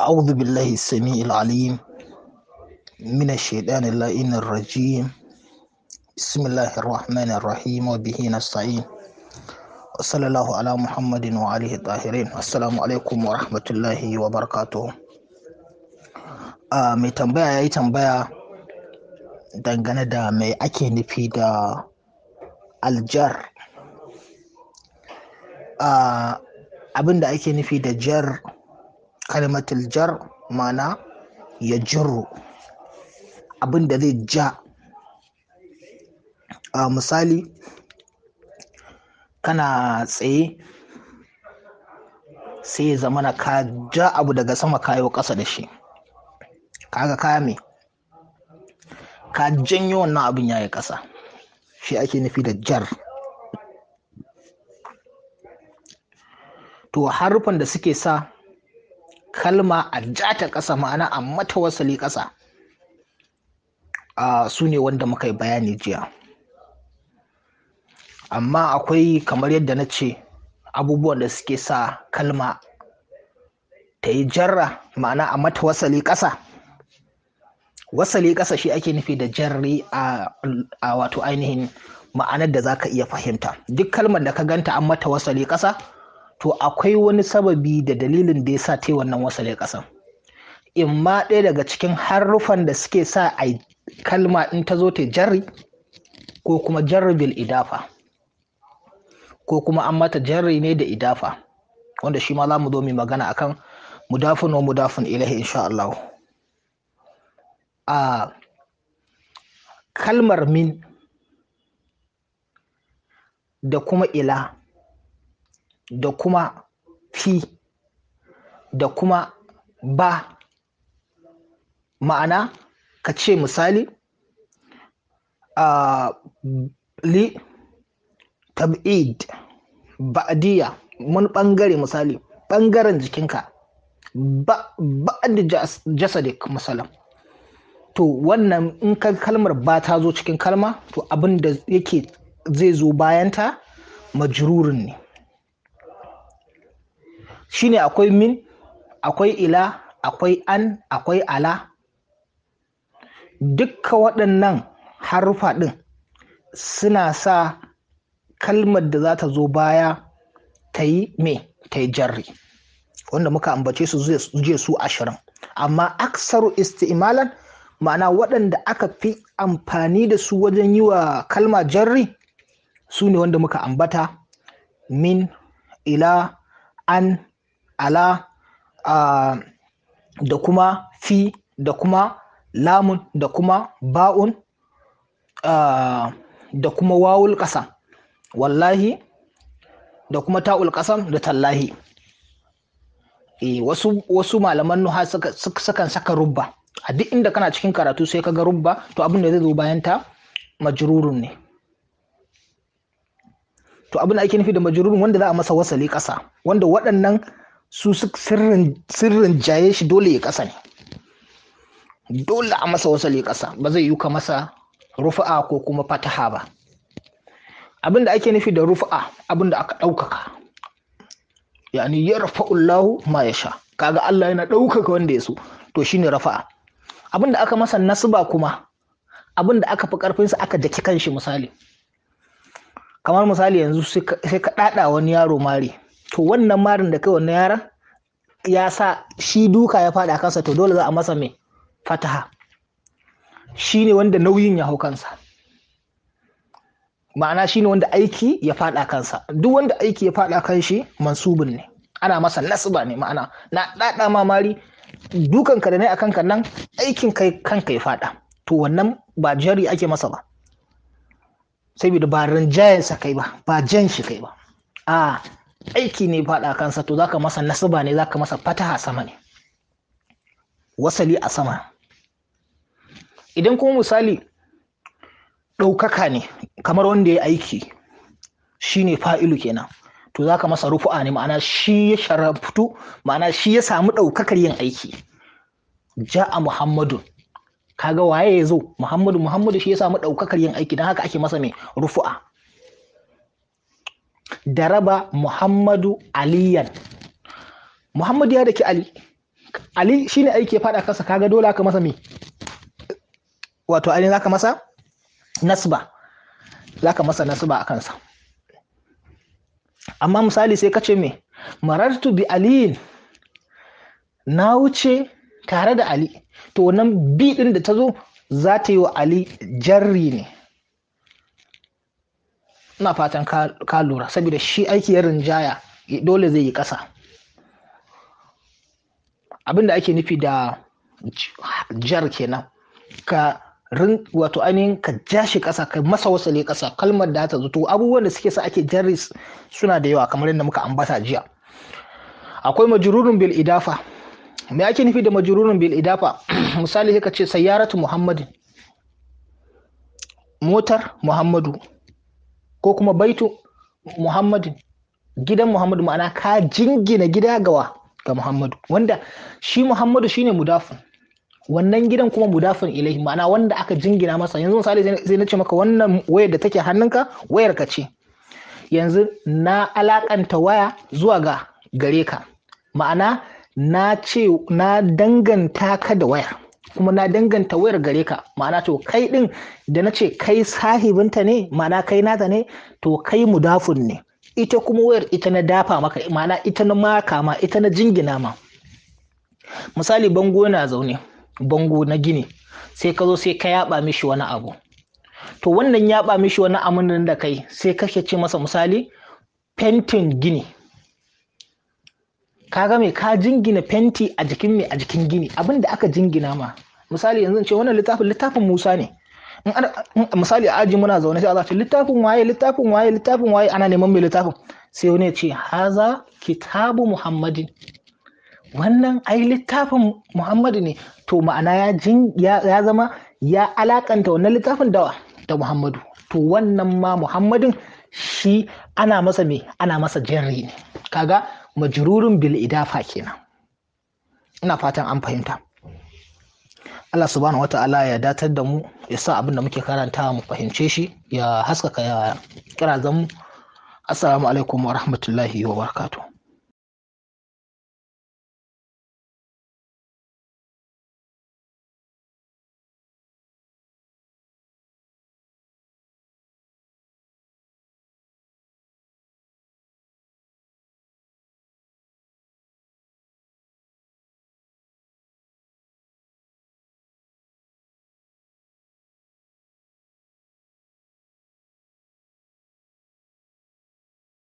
أعوذ بالله السميع العليم من الشيطان اللعين الرجيم بسم الله الرحمن الرحيم وبه نستعين وصلى الله على محمد وعليه الطاهرين السلام عليكم ورحمة الله وبركاته mai tambaya ya yi tambaya dangane da mai ake nufi da aljar abin da ake nufi da jar kalmatul jar mana ya jiru abin da zai ja a misali kana tsaye sai ya zama na ka ja abu daga sama kayo ƙasa da shi kaga kaya mai. ka janyo wannan abin yayi ƙasa shi ake nufi da jar to harufan da suke sa kalma a jata ƙasa ma'ana a mata wasali ƙasa su ne wanda muka yi bayani jiya amma akwai kamar yadda na ce abubuwan da suke sa kalma ta yi jarra ma'ana a mata wasali ƙasa wasali ƙasa shi ake nufi da jarri a, a wato ainihin ma'anar da za ka iya fahimta duk kalmar da ka ganta an mata wasali ƙasa to akwai wani sababi da dalilin da ya sa ta wannan wasale ƙasan in ma ɗaya daga cikin harufan da suke sa a kalma in ta zo ta jarri ko kuma bil idafa ko kuma an mata jarri ne da idafa wanda shi ma za mu zo mai magana akan mudafin wa mudafin ilahi insha Allah a kalmar min da kuma ila da kuma fi da kuma ba ma'ana ka ce misali a li tab'id ba'diya mun ɓangare misali ɓangaren jikinka ba'di jasadik misalan to wannan in ka kalmar ba ta zo cikin kalma to abin da yake zai zo bayanta majrurin ne shine akwai min akwai ila akwai an akwai ala dukka waɗannan haruffa ɗin suna sa kalmar da za ta zo baya ta yi me ta yi jarri wanda muka ambace su zuje su ashirin amma aksaru isti'malan ma'ana waɗanda aka fi amfani da su wajen yi wa kalma jarri su ne wanda muka ambata min ila an ala da kuma fi da kuma lamun da kuma ba'un da kuma wawul ƙasa wallahi da kuma ta'ul ƙasan da tallahi e, wasu, wasu malaman nuha sukan saka rubba a duk inda kana cikin karatu sai ka ga rubba to abin da zai zo bayan ta majrurun ne to abin da ake nufi da majrurun wanda za a masa wasali ƙasa wanda waɗannan su sirrin sirrin jaye shi dole ya ƙasa ne dole a masa le ƙasa ba zai yi ka masa rufa'a ko kuma fataha ba abin da ake nufi da rufa'a abin da aka ɗaukaka yani ya Ullahu ma ya sha kaga Allah yana ɗaukaka wanda ya so to shine rafa'a abin da aka masa nasuba kuma abin da aka fi ƙarfinsa aka daki kanshi misali kamar misali yanzu sai ka ɗaɗa wani yaro mare to wannan marin da kai wannan yaran ya sa shi duka ya faɗa kansa to dole za a masa mai fataha shi ne wanda nauyin ya hau kansa ma'ana shi ne wanda aiki ya faɗa kansa duk wanda aiki ya faɗa kan shi mansubin ne ana masa nasiba ne ma'ana na ɗaɗa mamari dukan ka da ne a kanka nan aikin kai kanka ya faɗa to wannan ba jari ake masa ba saboda ba rinjayensa kai ba ba jan shi kai ba a aiki ne faɗa kansa to zaka masa nasaba ne zaka masa fataha sama ne wasali a sama idan kuma misali ɗaukaka ne kamar wanda ya aiki shi ne fa'ilu kenan to zaka masa rufu'a ne ma'ana shi ya sharaftu ma'ana shi ya samu ɗaukakar yin aiki Ja ja'a muhammadu kaga waye ya zo muhammadu muhammadu shi ya samu ɗaukakar yin aiki don haka ake masa mai rufu'a daraba muhammadu aliyan muhammadu ya daki ali ali shi ne aiki faɗa fada kansa kaga dole aka masa me wato ali za masa nasba ka masa nasba a kansa amma misali sai kace ce me marartu bi aliyin na wuce tare da ali to wannan bi ɗin da ta zo za ta yi wa ali jarri ne ina fatan ka lura saboda shi aiki ya rinjaya dole zai yi ƙasa Abinda ake nufi da jar kenan ka rin wato ainihin ka ja shi ƙasa ka masa wasale ƙasa kalmar da ta zuto abubuwan da suke sa ake jarri suna da yawa kamar yadda muka ambata jiya akwai majrurun bil idafa me ake nufi da majrurun bil idafa misali ka ce sayyaratu muhammadin motar muhammadu ko kuma baitu muhammadin gidan muhammadu ma'ana ka jingina gida gawa ga muhammadu wanda shi muhammadu shine mudafin wannan gidan kuma mudafin ilai ma'ana wanda aka jingina masa yanzu misali zai nace maka wannan wayar da take hannunka wayar ka ce yanzu na alakanta waya zuwa ga gare ka ma'ana na ce na danganta ka da waya. kuma na danganta wayar gare ka ma'ana to kai din da na ce kai sahibinta ne ma'ana kai nata ne to kai mudafun ne ita kuma wayar ita na dafa maka ma'ana ita na maka ma ita na jingina ma misali bango na zaune bango na gini sai ka zo sai ka yaba mishi wani abu to wannan yaba mishi wani amunan da kai sai kake ce masa misali fentin gini ka ga me ka jingina fenti a jikin me a jikin gini abinda aka jingina ma misali yanzu ce wannan littafin littafin Musa ne in misali a aji muna zaune sai a ce littafin waye littafin waye littafin waye ana neman mai littafin sai wani ya ce haza kitabu muhammadin wannan ai littafin muhammadu ne to ma'ana ya jin ya zama ya alakanta wannan littafin dawa da muhammadu to wannan ma muhammadin shi ana masa me ana masa jinri ne kaga majrurun bil idafa kenan ina fatan an fahimta Allah subhanahu wata'ala ya datar da mu ya sa abin da muke karanta mu fahimce shi ya haskaka ya kirazan mu assalamu alaikum wa rahmatullahi wa barakatuh